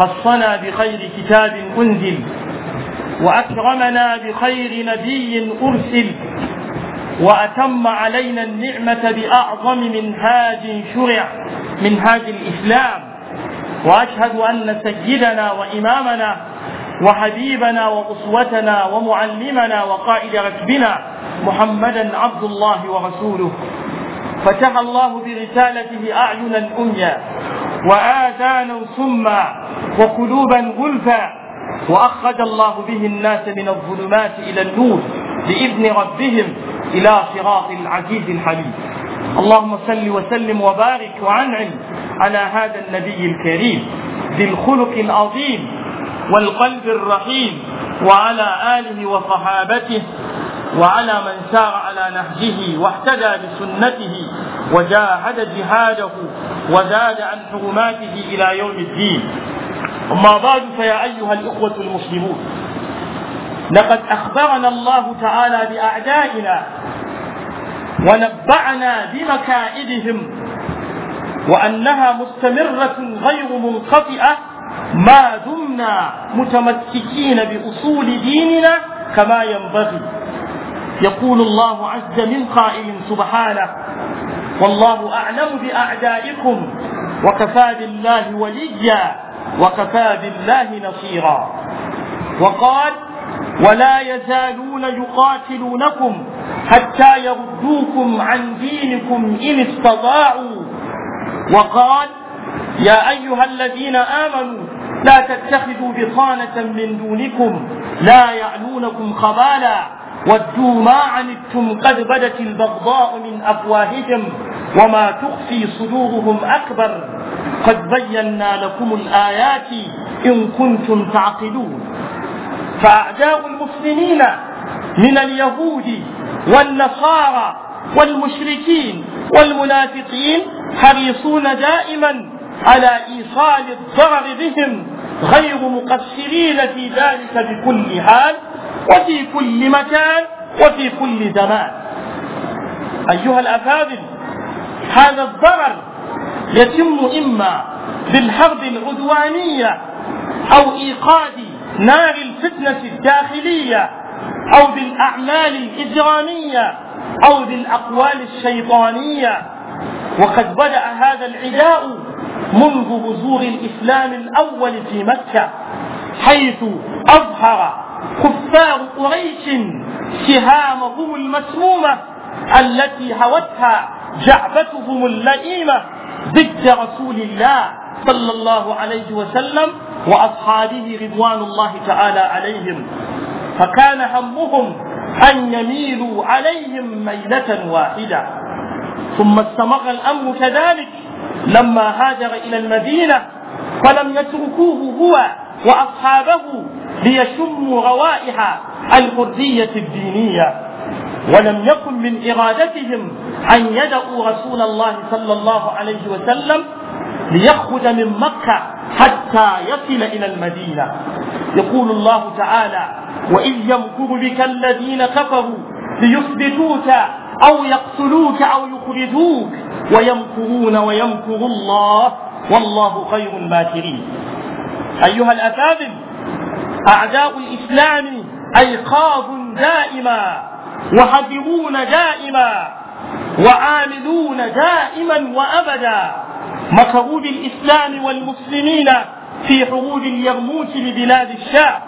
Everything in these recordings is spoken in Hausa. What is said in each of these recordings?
خصنا بخير كتاب أنزل وأكرمنا بخير نبي أرسل وأتم علينا النعمة بأعظم منهاج شرع منهاج الإسلام وأشهد أن سيدنا وإمامنا وحبيبنا وأسوتنا ومعلمنا وقائد ركبنا محمدا عبد الله ورسوله فتح الله برسالته اعين أميا وآذانا صما وقلوبا غلفا وأخرج الله به الناس من الظلمات إلى النور بإذن ربهم إلى صراط العزيز الحميد اللهم صل وسلم وبارك وأنعم على هذا النبي الكريم ذي الخلق العظيم والقلب الرحيم وعلى آله وصحابته وعلى من سار على نهجه واهتدى بسنته وجاهد جهاده وزاد عن حرماته إلى يوم الدين أما بعد فيا أيها الإخوة المسلمون لقد أخبرنا الله تعالى بأعدائنا ونبعنا بمكائدهم وأنها مستمرة غير منقطعة ما دمنا متمسكين بأصول ديننا كما ينبغي يقول الله عز من قائل سبحانه والله أعلم بأعدائكم وكفى بالله وليا وكفى بالله نصيرا وقال ولا يزالون يقاتلونكم حتى يردوكم عن دينكم إن استطاعوا وقال يا أيها الذين آمنوا لا تتخذوا بطانة من دونكم لا يعلونكم خبالا ودوا ما عنتم قد بدت البغضاء من أفواههم وما تخفي صدورهم أكبر قد بينا لكم الآيات إن كنتم تعقلون فأعداء المسلمين من اليهود والنصارى والمشركين والمنافقين حريصون دائما على إيصال الضرر بهم غير مقصرين في ذلك بكل حال وفي كل مكان وفي كل زمان أيها الأفاضل هذا الضرر يتم إما بالحرب العدوانية أو إيقاد نار الفتنة الداخلية أو بالأعمال الإجرامية أو بالأقوال الشيطانية وقد بدأ هذا العداء منذ بذور الإسلام الأول في مكة حيث أظهر كفار قريش سهامهم المسمومة التي هوتها جعبتهم اللئيمة ضد رسول الله صلى الله عليه وسلم وأصحابه رضوان الله تعالى عليهم فكان همهم أن يميلوا عليهم ميلة واحدة ثم استمر الأمر كذلك لما هاجر إلى المدينة فلم يتركوه هو وأصحابه ليشموا روائح الحرية الدينية ولم يكن من إرادتهم أن يدعوا رسول الله صلى الله عليه وسلم ليخرج من مكة حتى يصل إلى المدينة يقول الله تعالى وإذ يمكر بك الذين كفروا ليثبتوك أو يقتلوك أو يخرجوك ويمكرون ويمكر الله والله خير الماكرين أيها الأكابر أعداء الإسلام أيقاظ دائما وحذرون دائما وعاملون دائما وأبدا مكروا بالإسلام والمسلمين في حروب اليرموك ببلاد الشام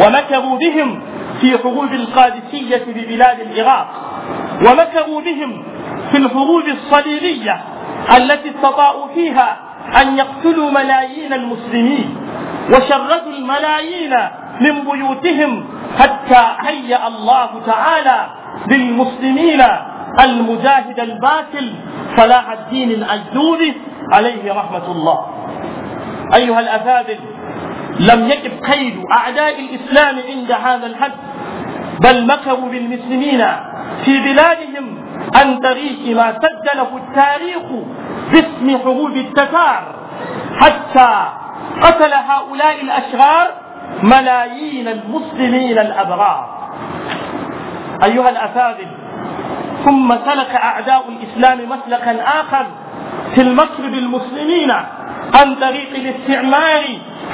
ومكروا بهم في حروب القادسية ببلاد العراق ومكروا بهم في الحروب الصليبية التي استطاعوا فيها أن يقتلوا ملايين المسلمين وشردوا الملايين من بيوتهم حتى هيأ الله تعالى للمسلمين المجاهد الباكل صلاح الدين الأيوبي عليه رحمة الله أيها الأفاضل لم يكب قيد أعداء الإسلام عند هذا الحد بل مكروا بالمسلمين في بلادهم عن طريق ما سجله التاريخ باسم حروب التتار حتى قتل هؤلاء الأشرار ملايين المسلمين الأبرار أيها الأساتذة ثم سلك أعداء الإسلام مسلكا آخر في المكر بالمسلمين عن طريق الاستعمار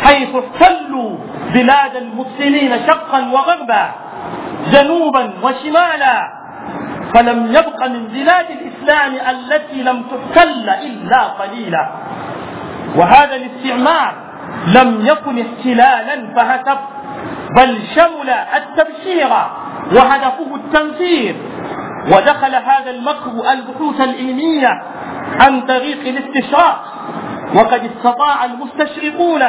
حيث احتلوا بلاد المسلمين شقا وغربا جنوبا وشمالا فلم يبق من بلاد الإسلام التي لم تحتل إلا قليلا وهذا الاستعمار لم يكن احتلالا فهتف بل شمل التبشير وهدفه التنفير ودخل هذا المكر البحوث العلمية عن طريق الاستشراق وقد استطاع المستشرقون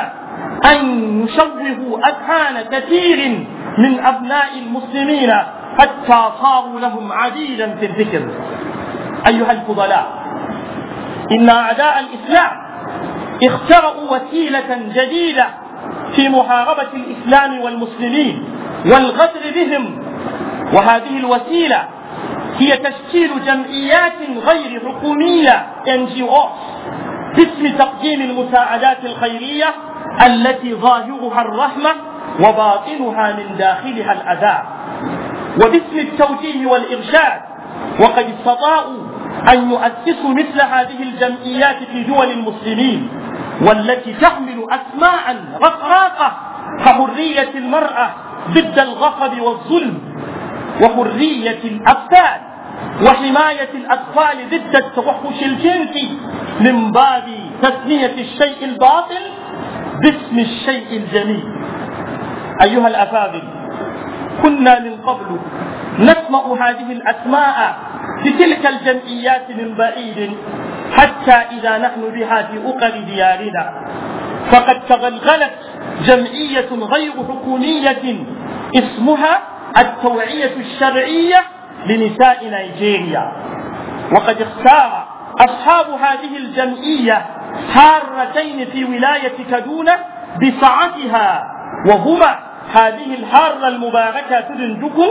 أن يشوهوا أذهان كثير من أبناء المسلمين حتى صاروا لهم عديدا في الذكر أيها الفضلاء إن أعداء الإسلام اخترعوا وسيلة جديدة في محاربة الإسلام والمسلمين والغدر بهم وهذه الوسيلة هي تشكيل جمعيات غير حكومية NGOs باسم تقديم المساعدات الخيرية التي ظاهرها الرحمة وباطنها من داخلها الأذى وباسم التوجيه والإرشاد وقد استطاعوا أن يؤسسوا مثل هذه الجمعيات في دول المسلمين والتي تحمل أسماء رقراقة كحرية المرأة ضد الغصب والظلم وحرية الأبدان وحماية الأطفال ضد التوحش الجنسي من باب تسمية الشيء الباطل باسم الشيء الجميل أيها الأفاضل كنا من قبل نسمع هذه الأسماء في تلك الجمعيات من بعيد حتى إذا نحن بها في أقر ديارنا فقد تغلغلت جمعية غير حكومية اسمها التوعية الشرعية لنساء نيجيريا وقد اختار أصحاب هذه الجمعية هارتين في ولاية كدونة بسعتها وهما هذه الحارة المباركة تدنجكم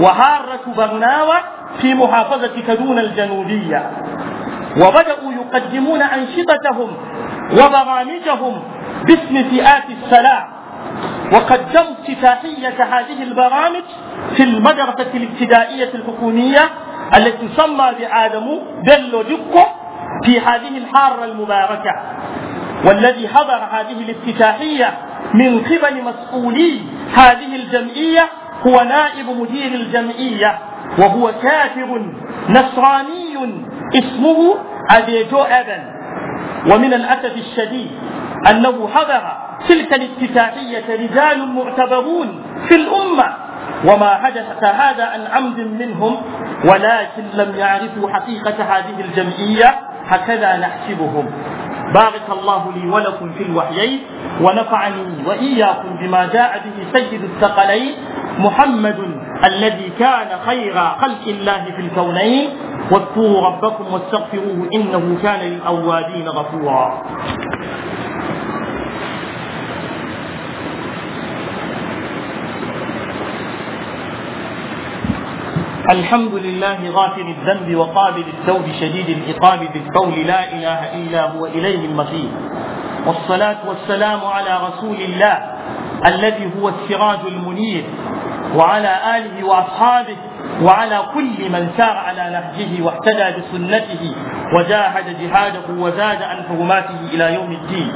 وحارة برناوة في محافظة كدون الجنوبية وبدأوا يقدمون أنشطتهم وبرامجهم باسم فئات السلام وقدموا افتتاحية هذه البرامج في المدرسة الابتدائية الحكومية التي تسمى بعالم دلو دكو في هذه الحارة المباركة والذي حضر هذه الافتتاحية من قبل مسؤولي هذه الجمعية هو نائب مدير الجمعية وهو كافر نصراني اسمه أديجو أبن ومن الأسف الشديد أنه حضر تلك الافتتاحية رجال معتبرون في الأمة وما حدث هذا عن عمد منهم ولكن لم يعرفوا حقيقة هذه الجمعية هكذا نحسبهم بارك الله لي ولكم في الوحيين ونفعني وإياكم بما جاء به سيد الثقلين محمد الذي كان خير خلق الله في الكونين واذكروا ربكم واستغفروه إنه كان للأوابين غفورا الحمد لله غافر الذنب وقابل التوب شديد العقاب بالقول لا اله الا هو اليه المصير والصلاه والسلام على رسول الله الذي هو السراج المنير وعلى اله واصحابه وعلى كل من سار على نهجه واهتدى بسنته وجاهد جهاده وزاد عن حرماته الى يوم الدين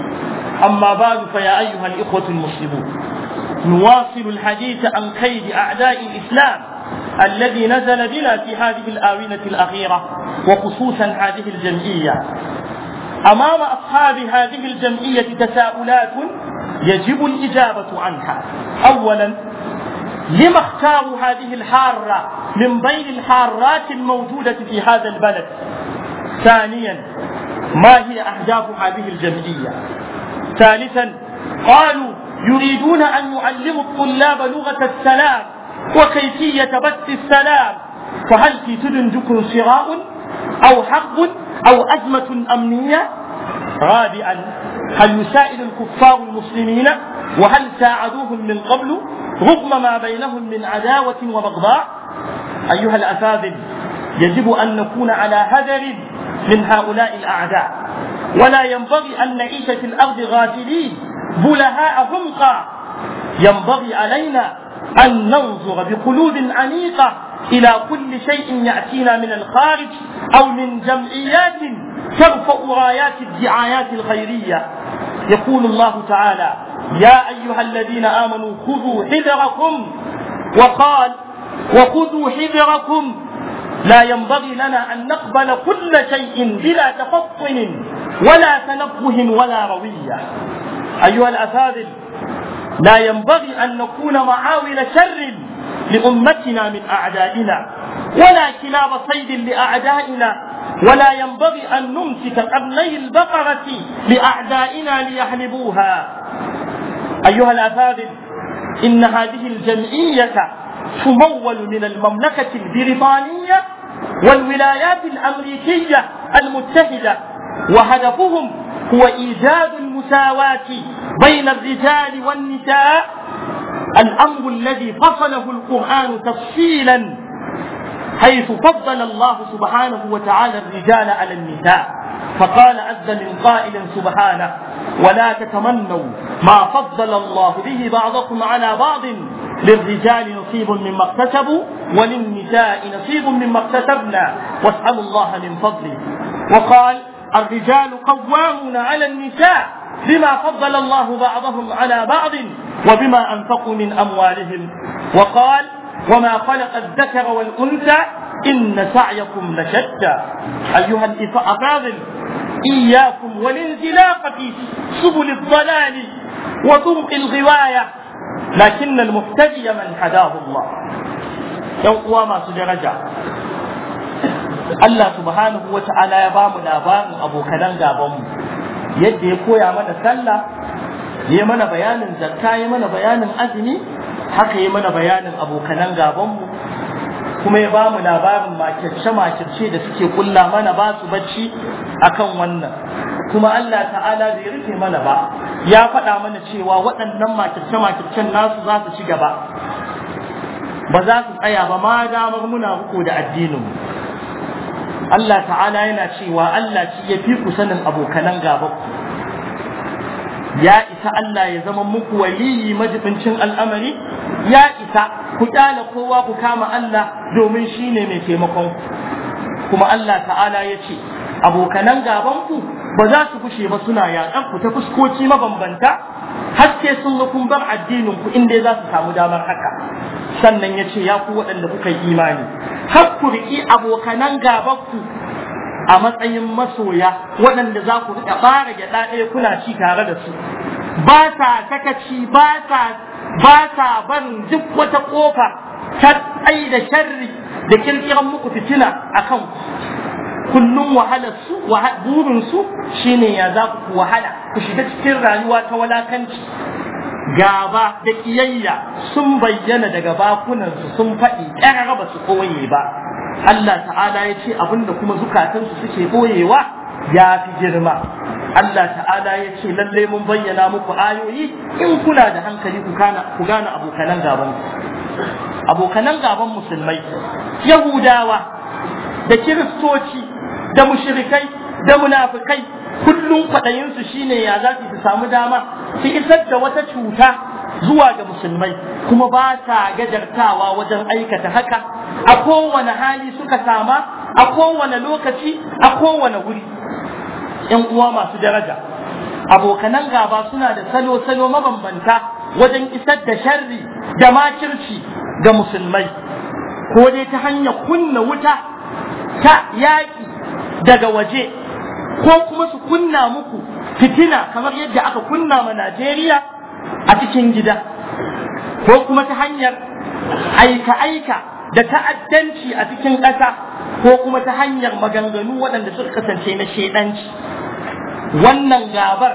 اما بعد فيا ايها الاخوه المسلمون نواصل الحديث عن قيد اعداء الاسلام الذي نزل بنا في هذه الآونة الأخيرة وخصوصا هذه الجمعية أمام أصحاب هذه الجمعية تساؤلات يجب الإجابة عنها أولا لما اختاروا هذه الحارة من بين الحارات الموجودة في هذا البلد ثانيا ما هي أهداف هذه الجمعية ثالثا قالوا يريدون أن يعلموا الطلاب لغة السلام وكيفية بث السلام فهل في جكر شراء أو حق أو أزمة أمنية رابعا هل يسائل الكفار المسلمين وهل ساعدوهم من قبل رغم ما بينهم من عداوة وبغضاء أيها الأساتذة يجب أن نكون على هذر من هؤلاء الأعداء ولا ينبغي أن نعيش في الأرض غافلين بلهاء حمقى ينبغي علينا أن ننظر بقلوب أنيقة إلى كل شيء يأتينا من الخارج أو من جمعيات ترفع رايات الدعايات الخيرية يقول الله تعالى يا أيها الذين آمنوا خذوا حذركم وقال وخذوا حذركم لا ينبغي لنا أن نقبل كل شيء بلا تفطن ولا تنبه ولا روية أيها الأساتذة لا ينبغي أن نكون معاول شر لأمتنا من أعدائنا ولا كلاب صيد لأعدائنا ولا ينبغي أن نمسك قبلي البقرة لأعدائنا ليحلبوها أيها الأفاضل إن هذه الجمعية تمول من المملكة البريطانية والولايات الأمريكية المتحدة وهدفهم هو إيجاد المساواة بين الرجال والنساء الأمر الذي فصله القرآن تفصيلا حيث فضل الله سبحانه وتعالى الرجال على النساء فقال عز من قائل سبحانه ولا تتمنوا ما فضل الله به بعضكم على بعض للرجال نصيب مما اكتسبوا وللنساء نصيب مما اكتسبنا واسألوا الله من فضله وقال الرجال قوامون على النساء بما فضل الله بعضهم على بعض وبما أنفقوا من أموالهم وقال وما خلق الذكر والأنثى إن سعيكم لشتى أيها الأفاضل إياكم والانزلاق في سبل الضلال وطرق الغواية لكن المهتدي من هداه الله يوم قوام سجرجا الله سبحانه وتعالى يبام لابام ابو كلام abokanan yadda ya koya mana sallah ya mana bayanin zakka ya mana bayanin azumi haka ya mana bayanin abokanan gabanmu kuma ya ba mu labarin makirce-makirce da suke kulla mana ba su bacci akan wannan kuma Allah ta'ala zai rufe mana ba ya faɗa mana cewa waɗannan makirce-makircen nasu za su ci gaba ba za su tsaya ba ma damar muna ruko da addininmu Allah ta'ala yana cewa Allah ci ya fi ku sanin abokanan gabanku ya isa Allah ya zama muku waliyi majibincin al'amari ya isa ku kyala kowa ku kama Allah domin shine mai taimakon kuma Allah ta'ala ya ce abokanan gabanku ba za su kushe ba suna yaƙan ku ta fuskoki mabambanta haske sun ga kun bar addinin ku inda za su samu damar haka sannan ya ce ya ku waɗanda kuka yi imani har ku abokanan abokanan gabanku a matsayin masoya waɗanda za ku riƙa ɓara gyaɗa ɗaya kuna ci tare da su ba sa sakaci ba sa ba sa duk wata ƙofa ta tsai da sharri da kirkiran muku fitina a kanku kullum wahalar su burin su shine ya za ku wahala ku shiga cikin rayuwa ta walakanci gaba da kiyayya sun bayyana daga bakunan su sun faɗi ƙarara ba su koye ba Allah ta'ala ya ce abinda kuma zukatansu suke koyewa ya fi girma Allah ta'ala ya ce lallai mun bayyana muku ayoyi in kuna da hankali ku kana ku gane abokanan gaban abokanan gaban musulmai yahudawa da kiristoci da mushrikai da munafikai kullum kwaɗayinsu shine ya za su samu dama su isar da wata cuta zuwa ga musulmai kuma ba sa gajartawa wajen aikata haka a kowane hali suka sama a kowane lokaci a kowane wuri ‘yan uwa masu daraja abokanan gaba suna da salo-salo mabambanta wajen isar da sharri da makirci ga musulmai ko dai ta hanyar kunna wuta ta yaƙi daga waje ko kuma su kunna muku fitina kamar yadda aka kunna ma Najeriya a cikin gida ko kuma ta hanyar aika-aika da ta'addanci a cikin ƙasa ko kuma ta hanyar maganganu waɗanda suka kasance na shaidanci wannan gabar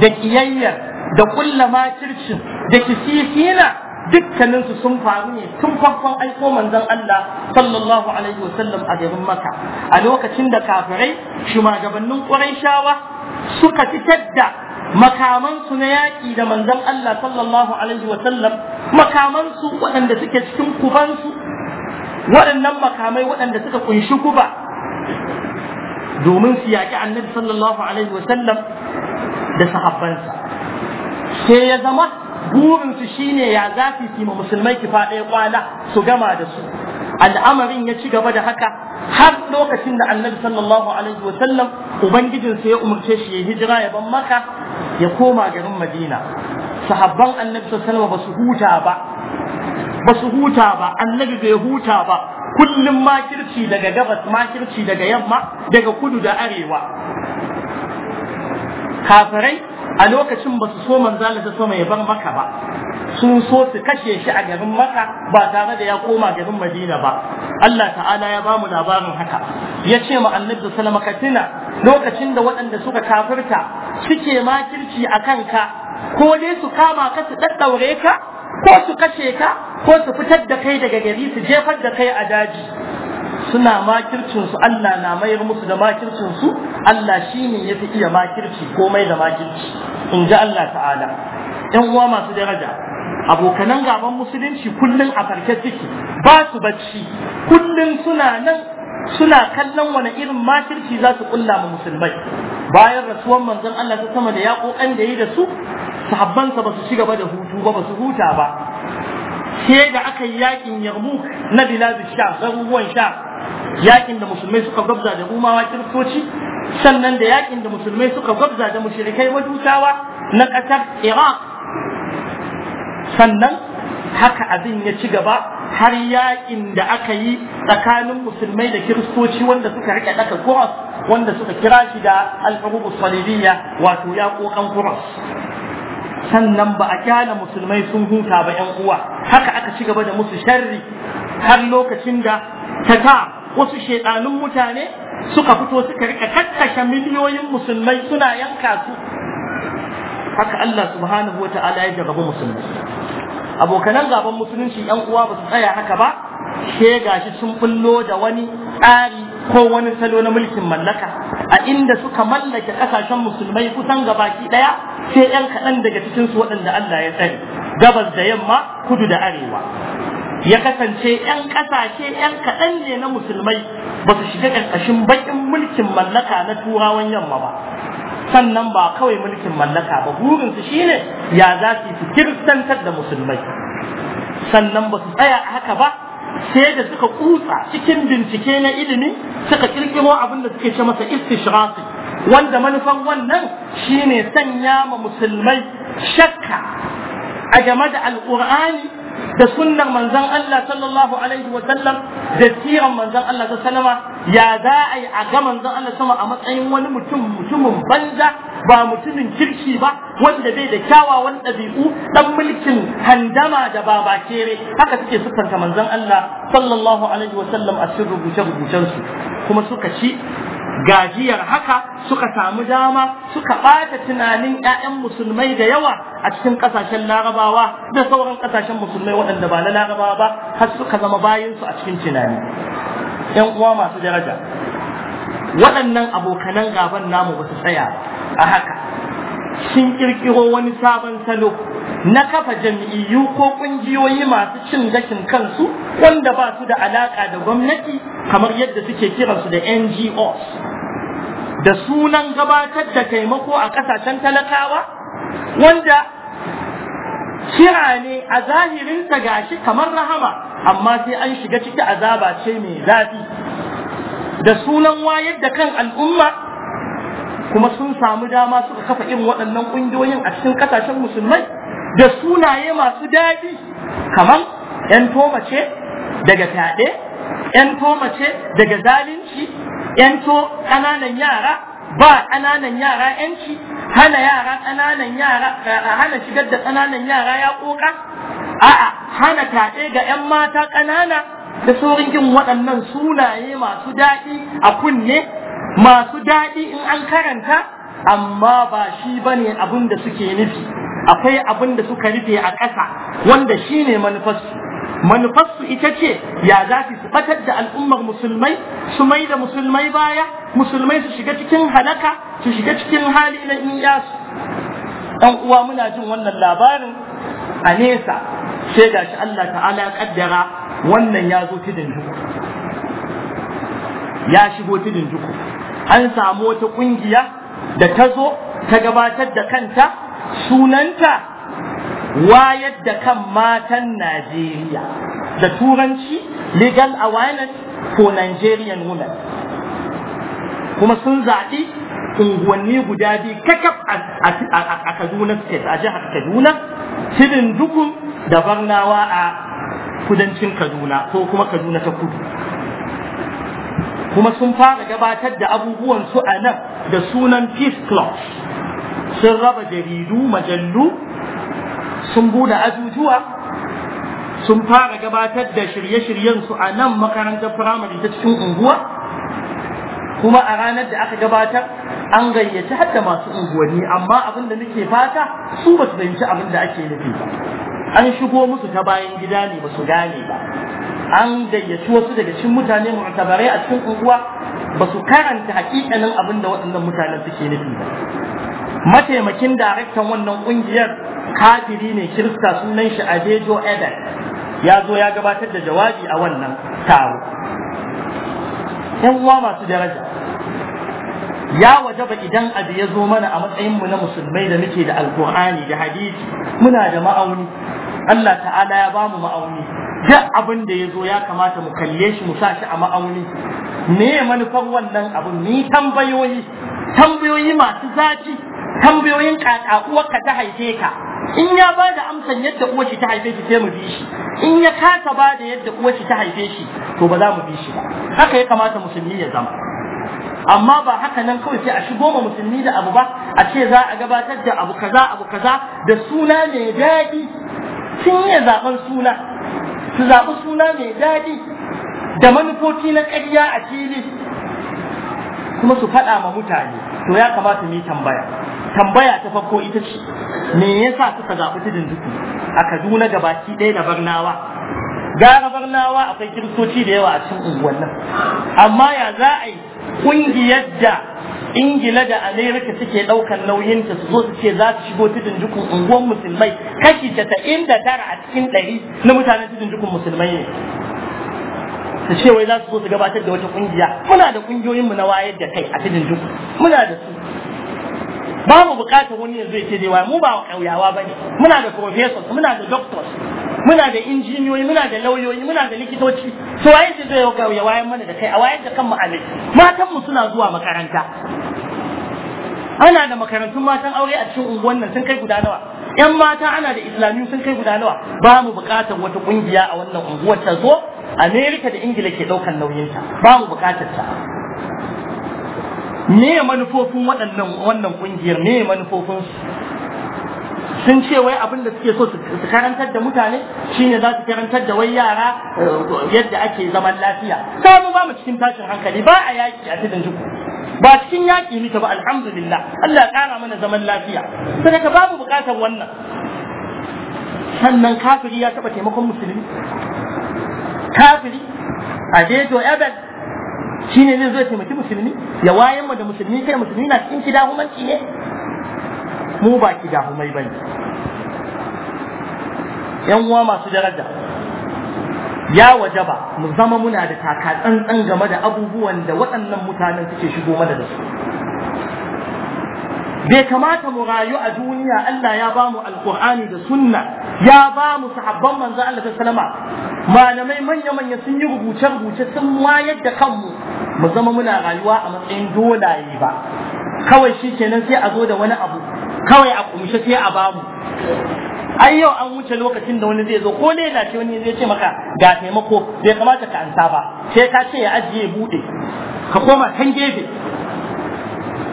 da ƙiyayyar da ƙulla makircin da kisifina dukkaninsu sun faru ne tun farkon aiko manzon Allah sallallahu alaihi wasallam a garin Makka a lokacin da kafirai shugabannin Qurayshawa suka fitar da makamansu na yaƙi da manzon Allah sallallahu alaihi wasallam makamansu waɗanda suke cikin kubansu waɗannan makamai waɗanda suka kunshi kuba domin su yaƙi annabi sallallahu alaihi wasallam da sahabbansa sai ya zama burinsu shine ya zafi su yi musulmai kifa ɗaya kwana su gama da su al'amarin ya ci gaba da haka har lokacin da annabi sallallahu alaihi wasallam ubangijinsa ya umarce shi ya hijira ya ban maka ya koma garin madina sahabban annabi sallallahu alaihi ba su huta ba ba su huta ba annabi bai huta ba kullum kirci daga gabas makirci daga yamma daga kudu da arewa kafirai a lokacin ba su so manzo Allah ta sama ya bar maka ba sun so su kashe shi a garin maka ba tare da ya koma garin madina ba Allah ta'ala ya bamu labarin haka ya ce ma annabi sallama katina lokacin da waɗanda suka kafirta suke makirci a kanka ko dai su kama ka su daddaure ka ko su kashe ka ko su fitar da kai daga gari su jefar da kai a daji suna makircinsu Allah na mayar musu da makircinsu Allah shi ne ya fi iya makirci komai da makirci in ji Allah ta'ala ‘yan uwa masu daraja abokanan gaban musulunci kullum a farke ciki ba su bacci kullum suna nan suna kallon wani irin makirci za su kulla ma musulmai bayan rasuwan manzon Allah ta sama da yaƙoƙan da yi da su sahabbansa ba su ci gaba da hutu ba ba su huta ba sai da aka yi yakin yarmuk na biladu sha garuruwan sha yakin da musulmai suka gwabza da rumawa kiristoci sannan da yakin da musulmai suka gwabza da mushrikai majusawa na ƙasar iraq sannan haka abin ya ci gaba har yakin da aka yi tsakanin musulmai da kiristoci wanda suka rike ɗaka kuras wanda suka kira shi da alfarubu salibiyya wato ya kokan kuras sannan ba a kyala musulmai sun huta ba yan uwa haka aka ci gaba da musu sharri har lokacin da ta ta wasu shedanun mutane suka fito suka rika kakkashe miliyoyin musulmai suna yanka su haka Allah subhanahu wa ta'ala ya gaba musulmi. abokanan gaban musulunci yan uwa ba su tsaya haka ba she gashi sun bullo da wani tsari ko wani salo na mulkin mallaka a inda suka mallake kasashen musulmai kusan gabaki daya sai yan kaɗan daga cikin su waɗanda Allah ya tsare gabas da yamma kudu da arewa ya kasance yan kasashe yan kaɗan ne na musulmai ba su shiga ƙarƙashin baƙin mulkin mallaka na turawan yamma ba sannan ba kawai mulkin mallaka ba burinsu shine ya za su kirtantar da musulmai sannan ba su tsaya haka ba sai da suka kutsa cikin bincike na ilimi suka kirkiro abin da suke ce masa istishraqi wanda manufan wannan shine sanya ma musulmai shakka a game da alƙur'ani da sunnar manzan Allah sallallahu alaihi wa sallam da siran manzan Allah sallallahu ya za a yi a ga manzan Allah sama a matsayin wani mutum mutumin banza ba mutumin kirki ba wanda bai da kyawawan ɗabi'u ɗan mulkin handama da babakere haka suke siffanta manzan Allah sallallahu alaihi wa sallam a cikin rubuce-rubucensu kuma suka ci gajiyar haka suka samu dama suka ɓata tunanin 'ya'yan musulmai da yawa a cikin ƙasashen larabawa da sauran ƙasashen musulmai waɗanda ba na larabawa ba har suka zama bayansu a cikin tunani ‘yan uwa masu daraja waɗannan abokanan gaban namu ba su tsaya a haka sun ƙirƙiro wani sabon salo na kafa jam'iyyu ko kungiyoyi masu cin gashin kansu wanda ba su da alaka da gwamnati kamar yadda suke kiransu da NGOs da sunan gabatar da taimako a kasashen talakawa wanda kira ne a zahirinsa gashi kamar rahama amma sai an shiga ciki azaba ce mai zafi da sunan wayar da kan al'umma kuma sun samu dama suka kafa irin waɗannan ƙungiyoyin a cikin ƙasashen musulmai da sunaye masu daɗi kamar ‘yan ce daga fyaɗe, ‘yan ce daga zalunci, ‘yan to ƙananan yara ba ƙananan yara ‘yanci, hana yara ƙananan yara, hana shigar da ƙananan yara ya ƙoƙa, a'a hana taɗe ga ‘yan mata ƙanana da saurin yin waɗannan sunaye masu daɗi a kunne, masu daɗi in an karanta amma ba shi bane abin da suke nufi akwai abun da suka nufi a ƙasa wanda shi ne manufarsu manufarsu ita ce ya za su fatar da al'ummar musulmai su mai da musulmai baya musulmai su shiga cikin halaka su shiga cikin hali na iyasu ɗan uwa muna jin wannan labarin a nesa sai ga shi Allah ta'ala ya kaddara wannan ya zo tudun duku ya shigo tudun duku an samu wata ƙungiya da ta zo ta gabatar da kanta sunanta wayar da kan matan Najeriya da turanci legal awareness for Nigerian women kuma sun zaɓi unguwanni guda biyu kakaf a Kaduna State a jihar Kaduna Sidin Dukun da Barnawa a kudancin Kaduna ko kuma Kaduna ta kudu kuma sun fara gabatar da abubuwan su a nan da sunan peace club sun raba jaridu majallu sun bude ajujuwa sun fara gabatar da shirye-shiryen su a nan makarantar firamare ta cikin unguwa kuma a ranar da aka gabatar an gayyaci hadda masu unguwanni amma abin da nake fata su ba su fahimci abin da ake nufi an shigo musu ta bayan gida ne ba su gane ba an gayyaci wasu daga cikin mutane mu'tabarai a cikin unguwa ba su karanta hakikanin abin da waɗannan mutanen suke nufi ba mataimakin daraktan wannan ƙungiyar kafiri ne kirista sunan shi Adejo Eden ya zo ya gabatar da jawabi a wannan taro yan uwa masu daraja ya wajaba idan abu ya zo mana a matsayin mu na musulmai da muke da alkur'ani da hadisi muna da ma'auni Allah ta'ala ya bamu ma'auni duk abin da ya zo ya kamata mu kalle shi mu sa shi a ma'auni me manufar wannan abin ni tambayoyi tambayoyi masu zafi tambayoyin kakakuwar ka ta haife ka in ya ba da amsan yadda uwar shi ta haife shi sai mu bi shi in ya kasa ba da yadda uwar shi ta haife shi to ba za mu bi shi ba haka ya kamata musulmi ya zama amma ba haka nan kawai sai a shigo ma musulmi da abu ba a ce za a gabatar da abu kaza abu kaza da suna mai daɗi sun yi zaben suna su zaɓi suna mai daɗi da manufofi na ƙarya a fili kuma su faɗa ma mutane to ya kamata mu yi tambaya tambaya ta farko ita ce me yasa suka zaɓi tudun duku a Kaduna da baki ɗaya da Barnawa gara Barnawa akwai kiristoci da yawa a cikin unguwannin amma ya za a yi ƙungiyar da ingila da amerika suke nauyin ta su zo su ce za su shigo tudun jukun unguwan musulmai kashi casa'in da tara a cikin ɗari na mutanen tudun jukun musulmai ne su ce wai za su zo su gabatar da wata ƙungiya muna da ƙungiyoyinmu na wayar da kai a tudun jukun muna da su ba mu buƙatar wani yanzu ya ce dai mu ba ƙauyawa ba ne muna da professors muna da doctors muna da injiniyoyi muna da lauyoyi muna da likitoci to waye ce zai ga ya waye mana da kai a waye da kan mu matan mu suna zuwa makaranta ana da makarantun matan aure a cikin unguwan nan sun kai guda nawa yan mata ana da islamiyu sun kai guda nawa ba mu bukatar wata kungiya a wannan unguwar ta zo amerika da ingila ke daukan ta. ba mu bukatar ta me manufofin waɗannan wannan kungiyar me manufofin su sun ce wai abin da suke so su karantar da mutane shine za su karantar da wai yara eh, yadda ake zaman lafiya samu ba mu cikin tashin hankali ba a yaki a tudun ba cikin yaki muke ba alhamdulillah Allah ya kara mana zaman lafiya ka babu bukatar wannan sannan kafiri ya taba taimakon musulmi kafiri a dejo ebel shine zai zo taimaki musulmi ya wayan mu da musulmi kai musulmi na cikin kidahumanci ne mu ba ki da humai bane yan uwa masu daraja ya wajaba mu zama muna da taka tsantsan game da abubuwan da waɗannan mutanen suke shigo mana da su bai kamata mu rayu a duniya Allah ya bamu alkur'ani da sunna ya bamu sahabban manzo Allah sallama malamai manya manya sun yi rubuce rubuce sun wayar da kanmu mu zama muna rayuwa a matsayin dolaye ba kawai shikenan sai a zo da wani abu kawai a kumshe sai a bamu ai yau an wuce lokacin da wani zai zo ko ne da ce wani zai ce maka ga taimako bai kamata ka ansa ba sai ka ce ya ajiye bude ka koma kan gefe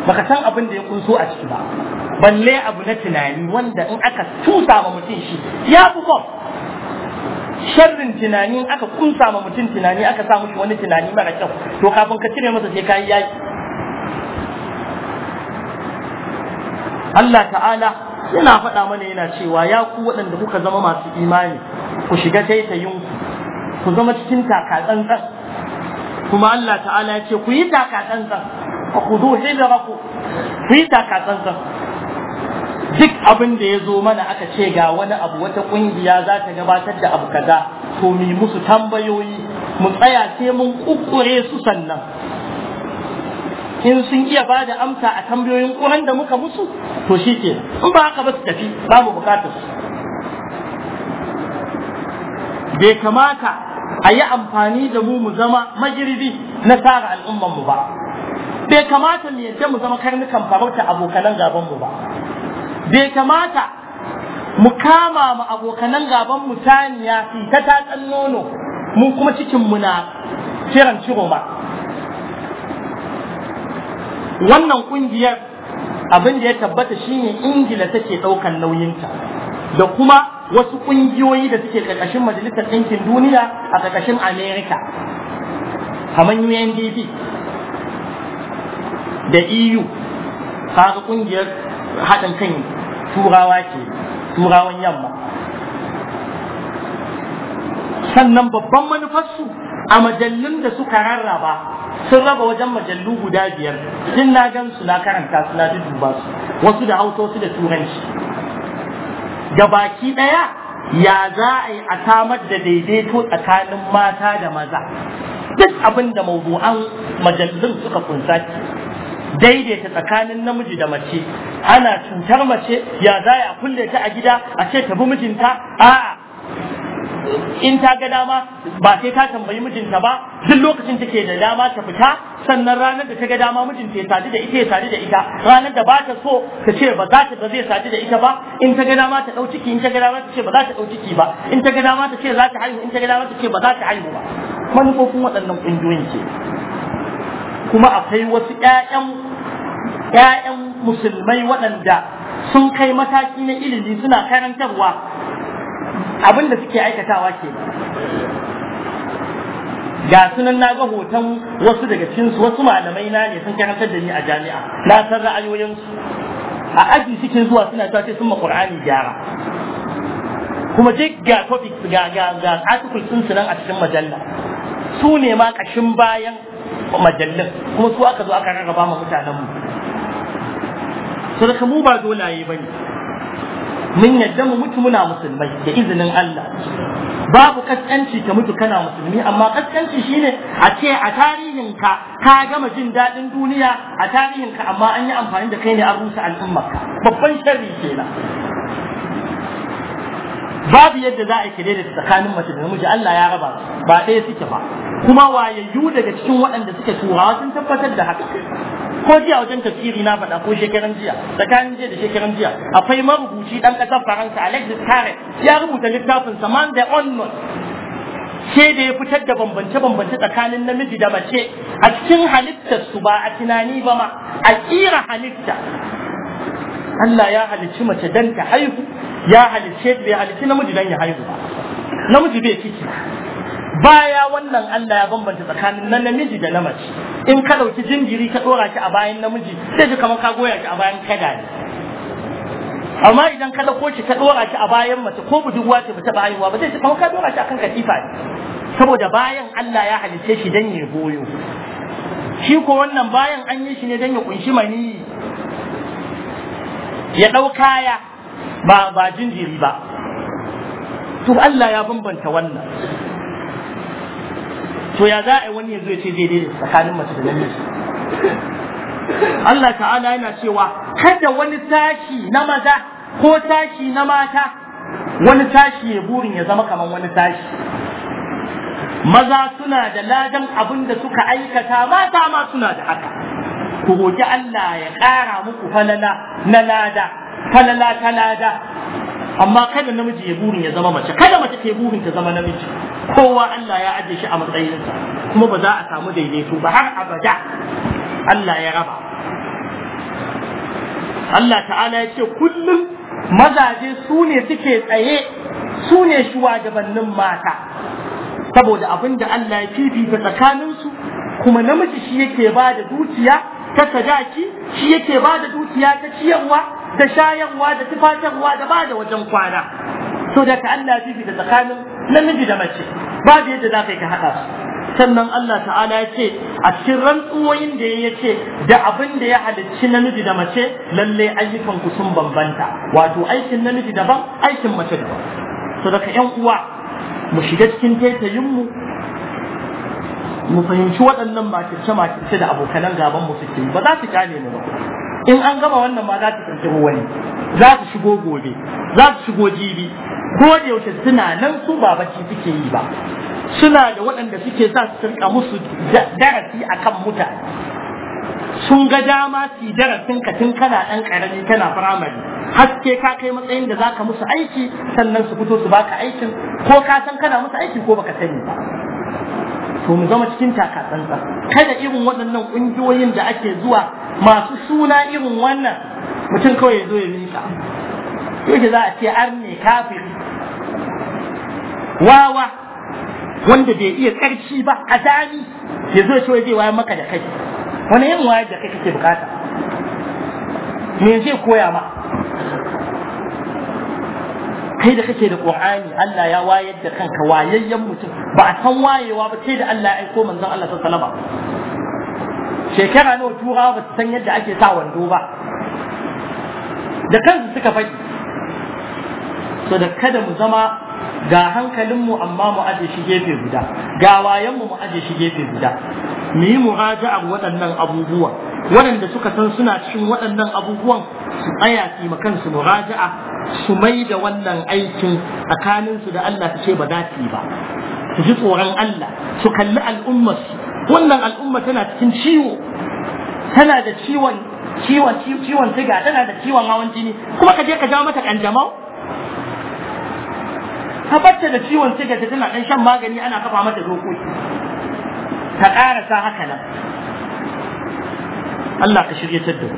baka san abin da ya kunso a ciki ba balle abu na tunani wanda in aka tusa ma mutum shi ya fi sharrin tunani aka kunsa ma mutum tunani aka sa mushi wani tunani mara kyau to kafin ka cire masa sai ka yi yaki Allah ta'ala yana faɗa mana yana cewa ya ku waɗanda kuka zama masu imani ku shiga taitayin ku zama cikin takatsantsan kuma Allah ta'ala ya ce ku yi takatsantsan a ku hijiraku ku yi takatsantsan duk abin da ya zo mana aka ce ga wani abu wata ƙungiya za ta gabatar da abu kaza to mu musu tambayoyi mu tsaya sai mun kukkure su sannan in sun iya ba da amsa a tambayoyin ƙuran da muka musu to shi ke in ba haka ba su tafi babu bukatar su bai kamata a yi amfani da mu mu zama magirbi na tsara al'ummanmu ba bai kamata mu yadda mu zama karnukan farauta abokanan gabanmu ba bai kamata mu kama mu abokanan gaban mu fita ta tatsan nono mu kuma cikin mu na kiran ciro ba wannan kungiyar abin da ya tabbata shine ingila take daukan nauyinta da kuma wasu kungiyoyi da suke karkashin majalisar ɗinkin duniya a karkashin america kamar undp da eu kaga kungiyar haɗin kan turawa ke turawan yamma sannan babban manufarsu a majallun da suka rarraba sun raba wajen majallu guda biyar tun na gan su na karanta su na su wasu da hauto wasu da turanci ga baki ɗaya ya za a yi a samar da daidaito tsakanin mata da maza duk abin da mawdu'an majallun suka kunsa daidaita tsakanin namiji da mace ana cutar mace ya za a kulle ta a gida a ce ta bi mijinta a'a in ta ga dama ba sai ta tambayi mijinta ba duk lokacin take da dama ta fita sannan ranar da ta ga dama mijinta ya sadu da ita ya sadu da ita ranar da ba ta so ta ce ba za ta ba zai sadu da ita ba in ta ga dama ta dau ciki in ta ga dama ta ce ba za ta dau ciki ba in ta ga dama ta ce za ta haihu in ta ga dama ta ce ba za ta haihu ba manufofin waɗannan ƙungiyoyin ce. kuma akwai wasu ƴaƴan ƴaƴan musulmai waɗanda sun kai mataki na ilimi suna karantarwa abin da suke aikatawa ke ga sunan na ga hoton wasu daga cikin wasu malamai na ne sun karantar da ni a jami'a na san ra'ayoyinsu a aji suke zuwa suna ta ce sun ma qur'ani gyara kuma duk ga topics ga ga ga article sun sunan a cikin majalla su ne ma kashin bayan majallin kuma su aka zo aka rarraba ma mutanen mu mu ba dolaye bane mun yadda mu mutu muna musulmai da izinin Allah babu kaskanci ka mutu kana musulmi amma kaskanci shine a ce a tarihin ka ka gama jin daɗin duniya a tarihin ka amma an yi amfani da kai ne an rusa ka babban sharri kenan babu yadda za a yi kire da tsakanin mace da namiji Allah ya raba ba ɗaya suke ba kuma wayayyu daga cikin waɗanda suke turawa sun tabbatar da haka ko jiya wajen tafsiri na faɗa ko shekaran jiya tsakanin jiya da shekaran jiya akwai marubuci ɗan ƙasar faransa alexis kare ya rubuta littafin saman da onnon sai da ya fitar da bambance-bambance tsakanin namiji da mace a cikin halittar su ba a tunani ba ma a ƙira halitta Allah ya halicci mace dan ta haihu ya halicce bai halicci namiji dan ya haihu ba namiji bai ciki baya wannan Allah ya bambanta tsakanin na namiji da na mace in ka dauki jinjiri ka dora shi a bayan namiji sai ji kamar ka goya shi a bayan kada ne amma idan ka dauko shi ka dora shi a bayan mace ko budurwa ce ba ta bayarwa ba zai ji kamar ka dora shi akan katifa ne saboda bayan Allah ya halice shi dan ya goyo shi ko wannan bayan an yi shi ne dan ya kunshi mani ya dau kaya ba ba jinjiri ba to Allah ya bambanta wannan to ya za a yi wani yanzu ya ce zai daidaita tsakanin mace da namiji Allah ta'ala yana cewa kada wani tashi na maza ko tashi na mata wani tashi ya burin ya zama kamar wani tashi maza suna da ladan abin da suka aikata mata ma suna da haka ku roki Allah ya ƙara muku falala na lada falala ta lada amma kada namiji ya burin ya zama mace kada mace ta burin ta zama namiji kowa Allah ya ajiye shi a matsayinsa kuma ba za a samu daidaito ba har abada Allah ya raba Allah ta'ala ya ce kullum mazaje su ne suke tsaye su ne shugabannin mata saboda abin da Allah ya fifita tsakaninsu kuma namiji shi yake ba da dukiya ta sadaki shi yake ba da dukiya ta ciyarwa da shayarwa da tufatarwa da ba da wajen kwana so da ka Allah fifi da tsakanin namiji da mace babu yadda za ka yi ka haɗa su sannan Allah ta'ala ya ce a cikin rantsuwoyin da ya ce da abin da ya halicci namiji da mace lalle ayyukan ku sun bambanta wato aikin namiji daban aikin mace daban so yan uwa mu shiga cikin taitayinmu mu fahimci waɗannan makirce makirce da abokanan gaban mu suke ba za su kyale mu ba in an gama wannan ma za su tsanci wani za su shigo gobe za su shigo jibi ko da yaushe suna nan su ba bacci suke yi ba suna da waɗanda suke sa su rinka musu darasi a kan mutane sun ga dama su darasin ka tun kana ɗan ƙarami kana firamare haske ka kai matsayin da zaka musu aiki sannan su fito su baka aikin ko ka san kana musu aiki ko baka sani ba to mu zama cikin takatsantsa kada irin waɗannan ƙungiyoyin da ake zuwa masu suna irin wannan mutum kawai ya zo ya miƙa yake za a ce an ne kafin wawa wanda bai iya ƙarfi ba a zani ya zo cewa zai wayar maka da kai wani irin wayar da kai kake bukata me zai koya ma kai da kake da qur'ani Allah ya wayar da kanka wayayyen mutum ba a san wayewa ba sai da Allah ya aiko manzon Allah sallallahu alaihi wasallam shekara nawa turawa ba san yadda ake sa wando ba da kansu suka faɗi so da kada mu zama ga hankalinmu amma mu aje shi gefe guda ga wayanmu mu aje shi gefe guda mu yi muraja'ar waɗannan abubuwan. waɗanda suka san suna cikin waɗannan abubuwan su tsaya su kansu muraja'a su mai da wannan aikin tsakaninsu da Allah su ce ba za su yi ba su ji tsoron Allah su kalli al'ummarsu wannan al'umma tana cikin ciwo tana da ciwon ciwon ciwon siga tana da ciwon hawan jini kuma ka je ka jawo mata kanjamau ka bacce da ciwon siga ta tana ɗan shan magani ana kafa mata dokoki ta ƙarasa haka nan الله كشرية تدب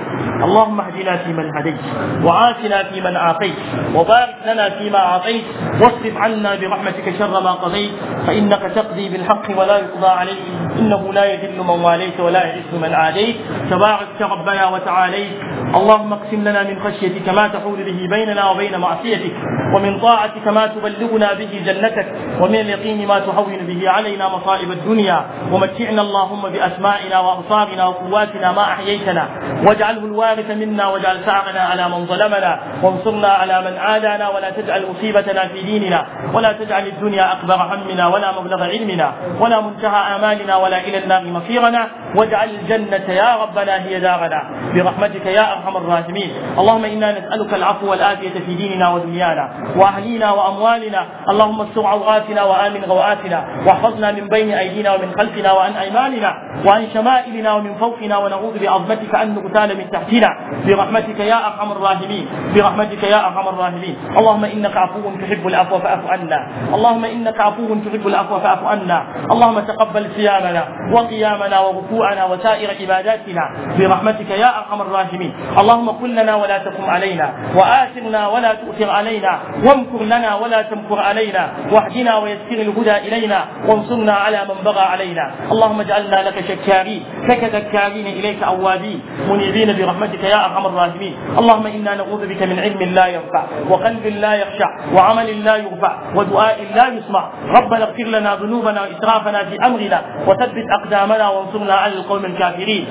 اللهم اهدنا فيمن هديت وعافنا فيمن عافيت وبارك لنا فيما أعطيت واصرف عنا برحمتك شر ما قضيت فإنك تقضي بالحق ولا يقضى عليه إنه لا يذل من واليت ولا يعز من عاديت تبارك ربنا وتعاليت اللهم اقسم لنا من خشيتك ما تحول به بيننا وبين معصيتك ومن طاعتك ما تبلغنا به جنتك ومن اليقين ما تهون به علينا مصائب الدنيا ومتعنا اللهم بأسمائنا وأبصارنا وقواتنا ما أحييتنا واجعله الوارث منا واجعل سعرنا على من ظلمنا وانصرنا على من عادانا ولا تجعل مصيبتنا في ديننا ولا تجعل الدنيا أكبر همنا ولا مبلغ علمنا ولا منتهى آمالنا ولا إلى النار مصيرنا واجعل الجنة يا ربنا هي دارنا برحمتك يا أرحم الراحمين اللهم إنا نسألك العفو والآتية في ديننا ودنيانا وأهلينا وأموالنا اللهم استر عوراتنا وآمن روآتنا واحفظنا من بين أيدينا ومن خلفنا وعن أيماننا وعن شمائلنا ومن فوقنا ونعوذ بعظمتك أن نغتال من تحتنا برحمتك يا أرحم الراحمين برحمتك يا أرحم الراحمين اللهم إنك عفو تحب العفو فاعف عنا اللهم إنك عفو تحب العفو فاعف عنا اللهم تقبل صيامنا وقيامنا وركوعنا خشوعنا وسائر عباداتنا برحمتك يا ارحم الراحمين اللهم قل لنا ولا تكن علينا واثرنا ولا تؤثر علينا وامكر لنا ولا تمكر علينا واهدنا ويسر الهدى الينا وانصرنا على من بغى علينا اللهم اجعلنا لك شكارين لك ذكارين اليك اوابين منيبين برحمتك يا ارحم الراحمين اللهم انا نعوذ بك من علم لا ينفع وقلب لا يخشع وعمل لا يرفع ودعاء لا يسمع ربنا اغفر لنا ذنوبنا واسرافنا في امرنا وثبت اقدامنا وانصرنا على القوم الكافرين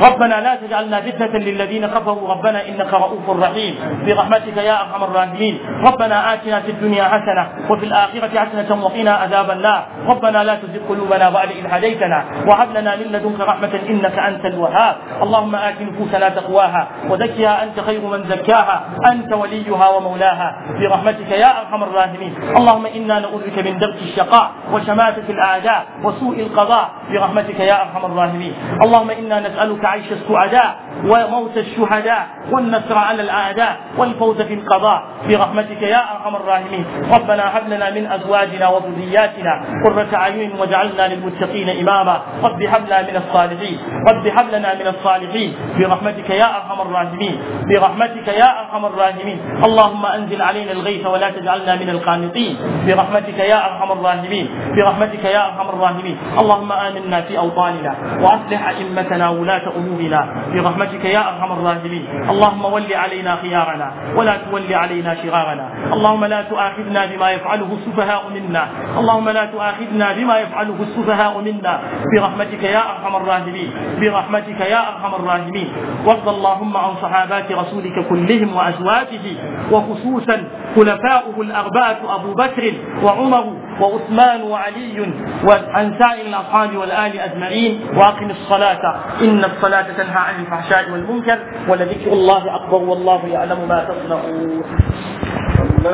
ربنا لا تجعلنا فتنة للذين كفروا ربنا إنك رؤوف رحيم برحمتك يا أرحم الراحمين ربنا آتنا في الدنيا حسنة وفي الآخرة حسنة وقنا عذاب النار ربنا لا تزغ قلوبنا بعد إذ هديتنا وهب لنا من لدنك رحمة إنك أنت الوهاب اللهم آت نفوسنا تقواها وزكها أنت خير من زكاها أنت وليها ومولاها برحمتك يا أرحم الراحمين اللهم إنا نعوذ بك من درك الشقاء وشماتة الأعداء وسوء القضاء برحمتك يا أرحم الراحمين العالمين اللهم إنا نسألك عيش السعداء وموت الشهداء والنصر على الأعداء والفوز في القضاء برحمتك يا أرحم الراحمين ربنا هب لنا من أزواجنا وذرياتنا قرة أعين واجعلنا للمتقين إماما رب هب لنا من الصالحين رب هب لنا من الصالحين برحمتك يا أرحم الراحمين برحمتك يا أرحم الراحمين اللهم أنزل علينا الغيث ولا تجعلنا من القانطين برحمتك يا أرحم الراحمين برحمتك يا أرحم الراحمين اللهم آمنا في أوطاننا وأصلح أئمتنا ولاة أمورنا برحمتك برحمتك يا ارحم الراحمين اللهم ول علينا خيارنا ولا تول علينا شرارنا اللهم لا تؤاخذنا بما يفعله السفهاء منا اللهم لا تؤاخذنا بما يفعله السفهاء منا برحمتك يا ارحم الراحمين برحمتك يا ارحم الراحمين وارض اللهم عن صحابات رسولك كلهم وازواجه وخصوصا خلفاؤه الاربعه ابو بكر وعمر وعثمان وعلي وعن سائر الأصحاب والآل أجمعين وأقم الصلاة إن الصلاة تنهى عن الفحشاء والمنكر ولذكر الله أكبر والله يعلم ما تصنعون